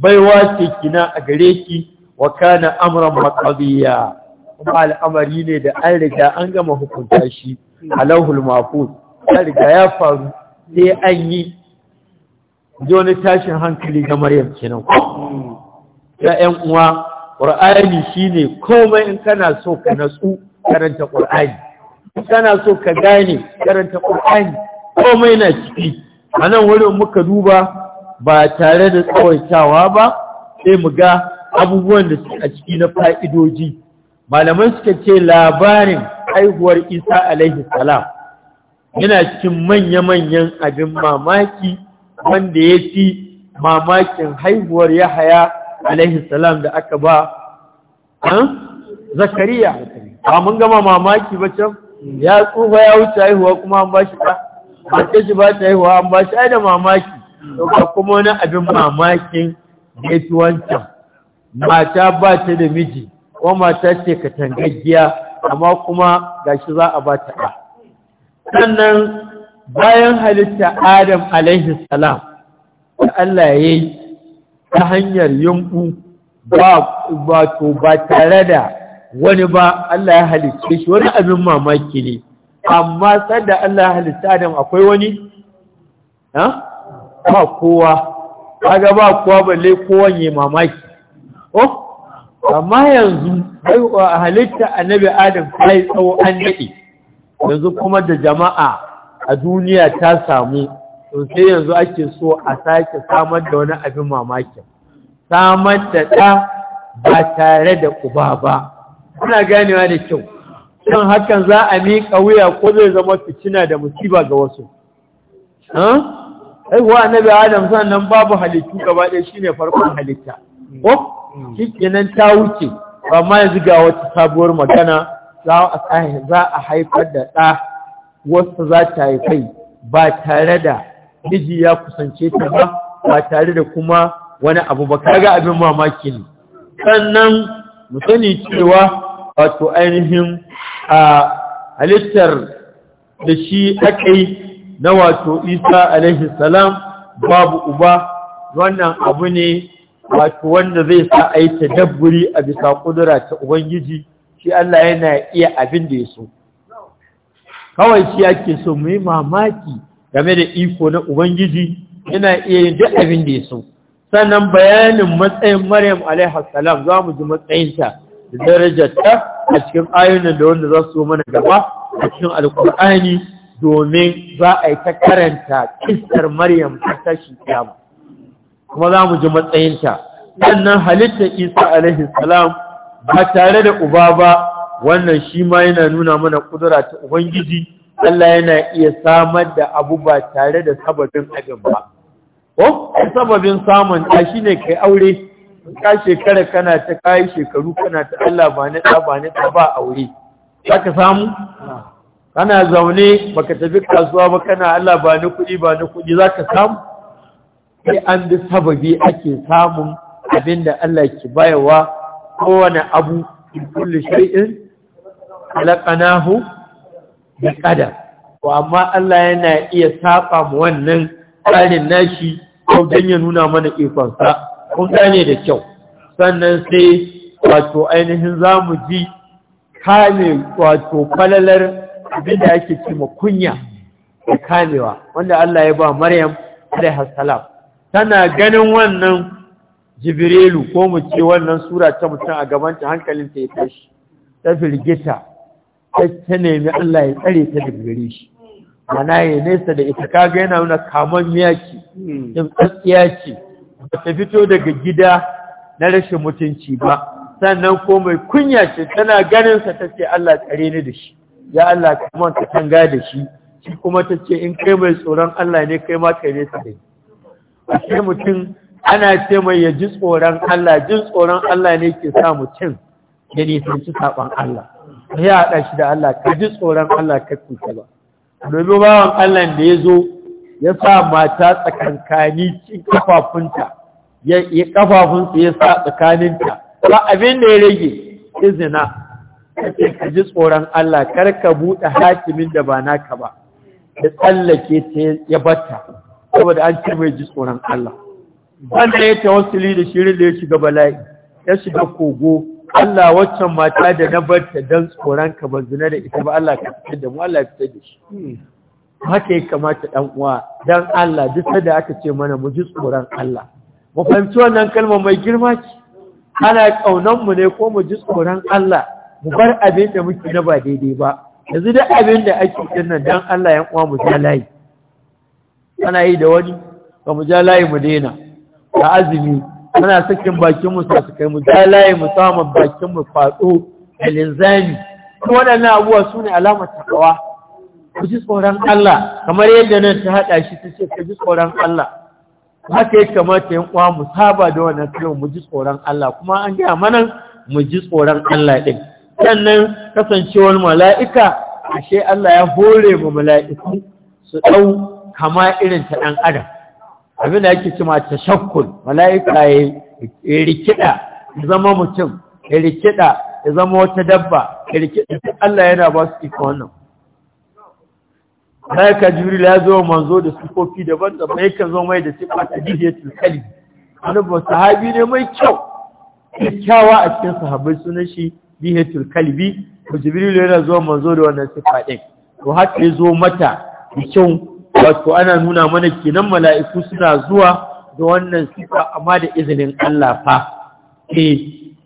baiwa ce kina a gare ki wa kana amran maqdiya kuma al'amari ne da an riga an gama hukunta shi alahul mafud an riga ya faru sai an yi wani tashin hankali ga Maryam kenan ya yan uwa Qur'ani shine komai in kana so ka natsu karanta Qur'ani kana so ka gane karanta Qur'ani komai na ciki a nan wurin muka duba ba tare da tsawaitawa ba sai mu ga abubuwan da suke a ciki na fa'idoji malaman suka ce labarin haihuwar isa alaihi salam yana cikin manya-manyan abin mamaki wanda ya fi mamakin haihuwar yahaya alaihi salam da aka ba An? zakariya ba mun gama mamaki ba can ya tsufa ya wuce haihuwa kuma an ba shi ba mata shi ba ta haihuwa wa ba shi da mamaki ga kuma wani abin mamakin da wancan mata ba ta da miji ko mata ce ka tangaggiya amma kuma ga shi za a ba ta ba. sannan bayan halitta adam alaihi salam da Allah ya yi ta hanyar yambu ba ba tare da wani ba Allah ya halicce shi wani abin mamaki ne amma sanda Allah ya halitta Adam akwai wani ha ba kowa kaga ba kowa balle kowan ya mamaki oh amma yanzu a halitta annabi Adam sai tsawo an daɗe, yanzu kuma da jama'a a duniya ta samu Sosai yanzu ake so a sake samar da wani abin mamakin samar da ɗa ba tare da uba ba kuna ganewa da kyau kan hakan za a miƙa wuya ko zai zama fitina da musiba ga wasu aihuwa annabi adam sannan babu halittu gaba ɗaya shine farkon halitta ko shikenan ta wuce amma ya ziga wata sabuwar magana za a haifar da ɗa wasu za ta haifai ba tare da miji ya kusance ta ba ba tare da kuma wani abu ba kaga abin mamaki ne sannan mu sani cewa wato ainihin a halittar da shi aka yi na wato isa alaihi salam babu uba wannan abu ne wato wanda zai sa a yi ta dabburi a bisa kudura ta ubangiji shi Allah yana iya abin da ya so kawai shi ake so mu yi mamaki game da iko na ubangiji yana iya yin duk abin da ya so sannan bayanin matsayin maryam alaihi salam za mu ji matsayinta da ta a cikin ayunan da wanda za su mana gaba a cikin alkur'ani domin za a yi ta karanta kistar maryam ta tashi kiyama kuma za mu ji matsayinta sannan halitta isa alaihi salam ba tare da uba ba wannan shi ma yana nuna mana kudura ta ubangiji Allah yana iya samar da abu ba tare da sababin abin ba ko sababin samun ta shine kai aure ka shekara kana ta kayi shekaru kana ta Allah ba ni ɗa ba ni ɗa ba aure za ka samu kana zaune baka tafi kasuwa ba kana Allah ba ni kuɗi ba ni kuɗi za ka samu sai an bi sababi ake samun abin da Allah ke bayarwa kowane abu in kulli shay'in khalaqnahu bi qadar to amma Allah yana iya saba mu wannan tsarin nashi ko dan ya nuna mana ikonsa kun ne da kyau sannan sai wato ainihin za mu ji kame wato falalar abinda ake ce ma kunya da kamewa wanda Allah ya ba Maryam alaihi salam tana ganin wannan Jibrilu ko mu ce wannan sura ta mutum a gabanta ta ya tashi ta firgita ta nemi Allah ya tsare ta da gare shi mana ya nesa da ita kaga yana nuna kaman miyaki, ce hmm. tsatsiya ce ba ta fito daga gida na rashin mutunci ba sannan ko mai kunya ce tana ganinsa ta ce Allah tsare ni da shi ya Allah kuma ta tanga da shi shi kuma ta ce in kai mai tsoron Allah ne kai ma tsare ta da a ce mutum ana ce mai ya ji tsoron Allah jin tsoron Allah ne ke sa mutum ya nisanci saɓon Allah ya haɗa shi da Allah ka ji tsoron Allah ka kuka ba domin bawan Allah da ya zo ya sa mata tsakankani cin kafafunta ya kafafunsu ya sa tsakaninta ba abin da ya rage izina kake ka ji tsoron Allah kar ka buɗe hakimin da ba naka ba da tsallake ta ya batta saboda an ce mai ji tsoron Allah wanda ya tawassuli da shirin da ya shiga bala'i ya shiga kogo Allah waccan mata da na barta don tsoron ka zina da ita ba Allah ka fitar da mu Allah ya fitar da shi haka ya kamata ɗan uwa dan Allah duk da aka ce mana mu ji tsoron Allah mu fahimci wannan kalma mai girma ce ana ƙaunanmu ne ko mu ji tsoron Allah mu bar abin da muke na ba daidai ba yanzu duk abin da ake nan dan Allah ya kuma mu ja layi ana yi da wani ba mu ja layi mu daina da azumi ana sakin bakin mu su kai mu ja layi mu samu bakin mu faɗo da linzami waɗannan abubuwa su ne alamar takawa ku ji tsoron Allah kamar yadda nan ta haɗa shi ta ce ka ji tsoron Allah haka ya kamata yin uwa mu saba da wannan kalmar mu ji tsoron Allah kuma an gaya mana mu ji tsoron Allah ɗin. sannan kasancewar mala'ika ashe Allah ya hore mu mala'iku su ɗau kama irin ta ɗan adam abin da yake ta shakkun mala'ika ya yi rikida zama mutum ya rikida ya zama wata dabba ya rikida Allah yana ba su ikon wannan ka jibril ya zo manzo da sifofi daban daban yakan zo mai da sifa ta dihiyatul kalbi annabi sahabi ne mai kyau kyakkyawa a cikin sahabbai sunan shi dihiyatul kalbi to jibril yana zo manzo da wannan sifa din to har ya zo mata da kyau wato ana nuna mana kenan mala'iku suna zuwa da wannan sifa amma da izinin Allah fa eh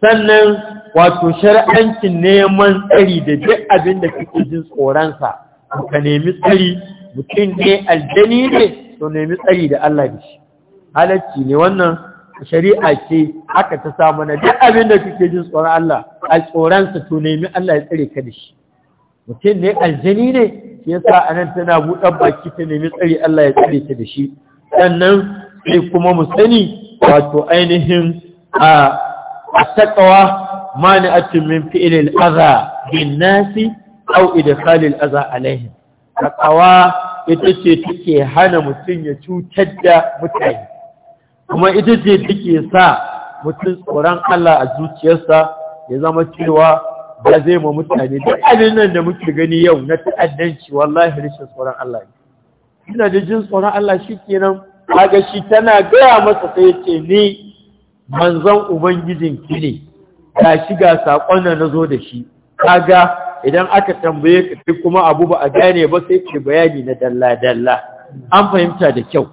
sannan wato shar'ancin neman tsari da duk abin da kake jin tsoronsa ka nemi tsari mutum ne aljani ne to nemi tsari da Allah da shi halacci ne wannan shari'a ce aka ta samu na duk abin da kake jin tsoron Allah a tsoronsa to nemi Allah ya tsare ka da shi mutum ne aljani ne shi yasa anan tana buɗan baki ta nemi tsari Allah ya tsare ka da shi sannan sai kuma mu sani wato ainihin a taqwa mani'atun min fi'lil adha bin nasi au idkhalil aza alaihim taqwa ita ce take hana mutum ya cutar da mutane kuma ita ce take sa mutum tsoron Allah a zuciyarsa ya zama cewa ba zai ma mutane da abin nan da muke gani yau na ta'addanci wallahi rishin tsoron Allah ne ina da jin tsoron Allah shikenan kaga shi tana gaya masa sai yace ni manzon ubangijin ne ga shi ga sakon da nazo da shi kaga idan aka tambaye ka kai kuma abu ba a gane ba sai ke bayani na dalla dalla an fahimta da kyau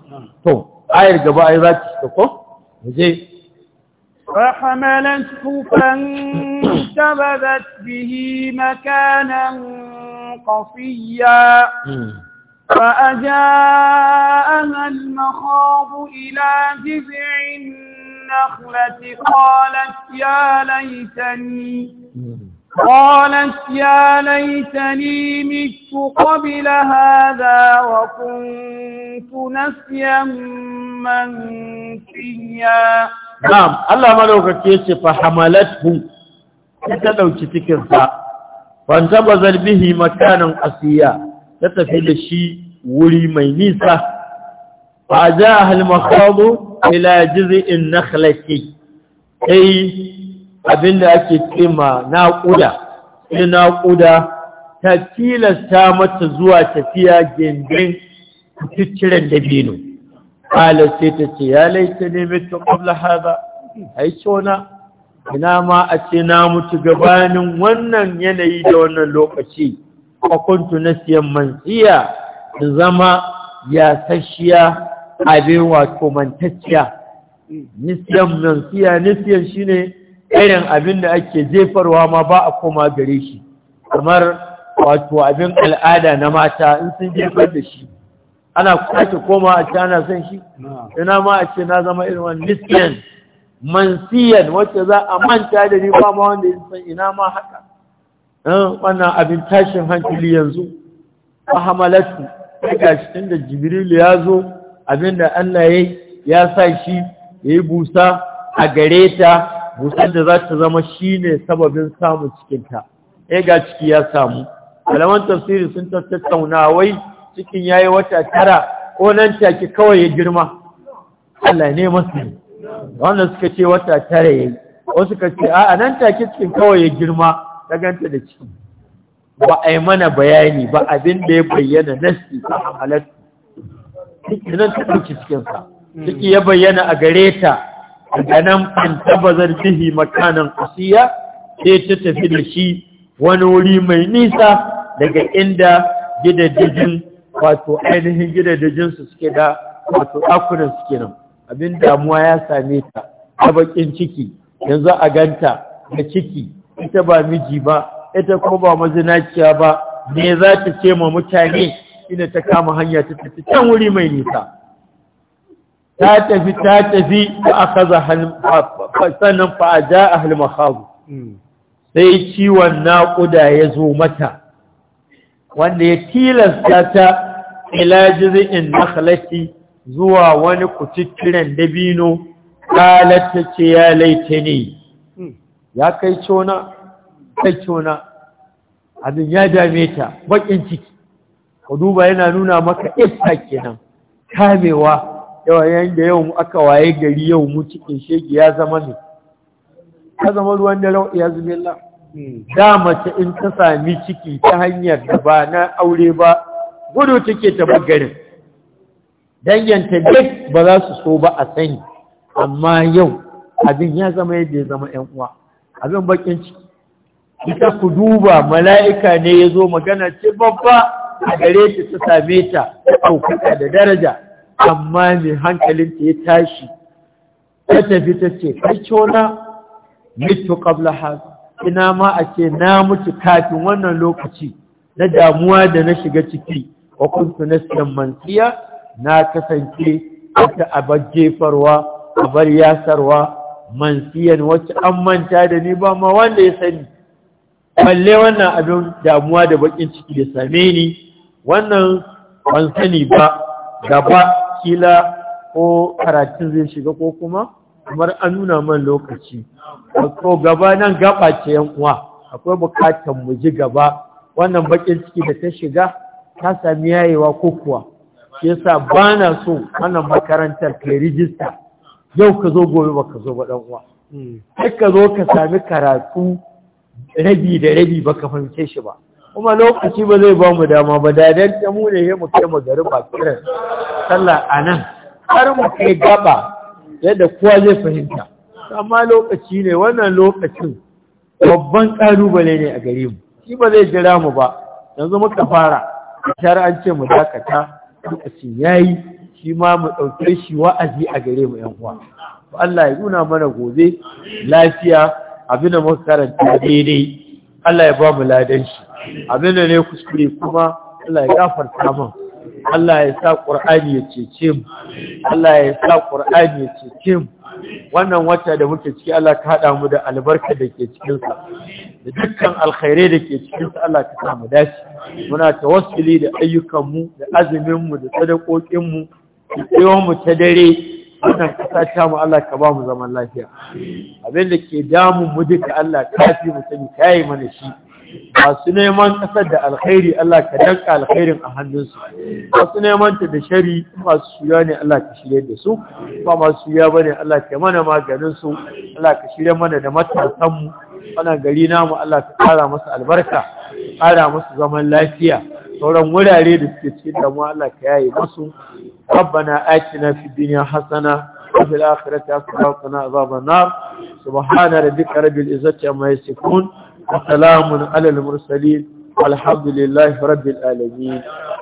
to ayar gaba ai za ta ko je فحملته فانتبذت به مكانا قصيا فأجاءها المخاض إلى جذع النخلة قالت يا ليتني قالت يا ليتني مت قبل هذا وكنت نسيا منسيا نعم الله ملوك كيش فحملته تتلو تتكرسا فانتبذل به مكانا قصيا تتفيد الشيء ولي مينيسة فأجاه المخاض إلى جزء النخلة أي Abin da ake tsima naƙuda ina naƙuda ta tilasta mata zuwa tafiya gindin da dabino ƙala sai ta ce ya laita ne mutu ƙabla haza haishona ina ma a ce na mutu gabanin wannan yanayi da wannan lokaci ƙwakuntu na siyan mantsiya zama ya sashiya abin wato mantacciya nisiyan mantsiya nisiyan ne. irin abin da ake jefarwa ma ba a koma gare shi kamar wato abin al'ada na mata in sun jefar da shi ana kwace koma a ce ana son shi ina ma a ce na zama irin wani nisiyan mansiyan wacce za a manta da ni ma wanda ya san ina ma haka eh, wannan abin tashin hankali yanzu a hamalatu daga cikin inda jibril ya zo abin da allah ya ya sa shi ya yi busa a gare ta busar da za ta zama ne sababin samun cikinta ya eh, ga ciki ya samu alaman tafsiri sun tattauna wai cikin ya yi wata tara ko nan take kawai ya girma Allah ne masu wanda suka ce wata tara ya yi. wasu suka ce a nan take cikin kawai ya girma ganta da ciki ba a yi mana bayani ba abin da ya bayyana nasi a halatta ciki nan ta ɗauki cikinsa ciki ya bayyana a gare ta daga nan fantabazar bihi makanan asiya sai ta tafi da shi wani wuri mai nisa daga inda gidajen wato ainihin gidajen su suke da wato ɗakunan suke nan abin damuwa ya same ta ta bakin ciki yanzu a ganta da ciki ita ba miji ba ita ko ba mazinaciya ba me za ta ce ma mutane ina ta kama hanya ta tafi can wuri mai nisa ta tafi ta tafi a kaza sannan fa a ahl mm. sai ciwon naƙuda ya zo mata wanda ya tilasta ta na nakalati zuwa wani kututturen dabino ƙalata ce ya ne mm. ya kai cona kai cona abin ya dame ta bakin ciki ka duba yana nuna maka ita kenan kamewa yawa da yau aka waye gari yau mu cikin shege ya zama ne ya zama ruwan da dare ya la da mace in ta sami ciki ta hanyar da ba na aure ba gudu take ta bagarin danganta duk ba za su so ba a sani amma yau abin ya zama yadda ya zama ‘yan uwa abin bakin ciki ita ku duba mala'ika ne ya zo magana ce babba a gare ta ta same ta ɗaukaka da daraja amma mai hankalinta ya tashi ta tafi ta ce kacona mito qabla haka. ina ma a ce na mutu kafin wannan lokaci na damuwa da na shiga ciki wa kuntu nasiyan mansiya na kasance wata abar jefarwa abar yasarwa mansiyan wacce an manta da ni ba ma wanda ya sani balle wannan abin damuwa da bakin ciki da same ni wannan ban sani ba gaba kila ko karatun zai shiga ko kuma kamar an nuna man lokaci ko gaba nan gaba ce yan uwa akwai bukatar mu ji gaba wannan bakin ciki da ta shiga ta sami yayewa ko kuwa yasa ba na so wannan makarantar kai rijista yau ka zo gobe ba ka zo ba dan uwa hmm. sai ka zo ka sami karatu rabi da rabi ba ka fahimce shi ba kuma lokaci ba zai ba mu dama ba da dan ta mu ne ya mu kai magari ba kiran sallah anan har mu kai gaba yadda kowa zai fahimta amma lokaci ne wannan lokacin babban ƙalubale ne a gare mu shi ba zai jira mu ba yanzu muka fara an ce mu dakata lokaci yayi shi ma mu ɗauke shi wa'azi a gare mu yan uwa Allah ya nuna mana gobe lafiya abin da muka karanta daidai Allah ya ba mu ladan shi abin da ne kuskure kuma Allah ya gafarta min Allah ya sa Qur'ani ya cece mu Allah ya sa Qur'ani ya cece mu wannan wata da muke ciki Allah ka hada mu da albarka da ke cikin sa da dukkan alkhairai da ke cikin sa Allah ka sa mu dace muna tawassuli da ayyukan mu da azumin mu da sadakokin mu da mu ta dare wannan kasa ta mu Allah ka ba mu zaman lafiya abin da ke damun mu duka Allah ka fi mu sani ka yi mana shi masu neman ƙasar da alkhairi Allah ka danka alkhairin a hannunsu masu neman ta da shari masu shirya ne Allah ka shirya da su ba masu shirya ba ne Allah ka mana maganin su Allah ka shirya mana da matasan mu wannan gari namu Allah ka kara masa albarka kara masa zaman lafiya sauran wurare da suke cikin damuwa Allah ka yaye musu rabbana atina Hassana dunya hasana wa fil akhirati hasana wa qina adhaban nar subhana rabbika rabbil izzati mai yasifun wa salamun alal mursalin والحمد لله رب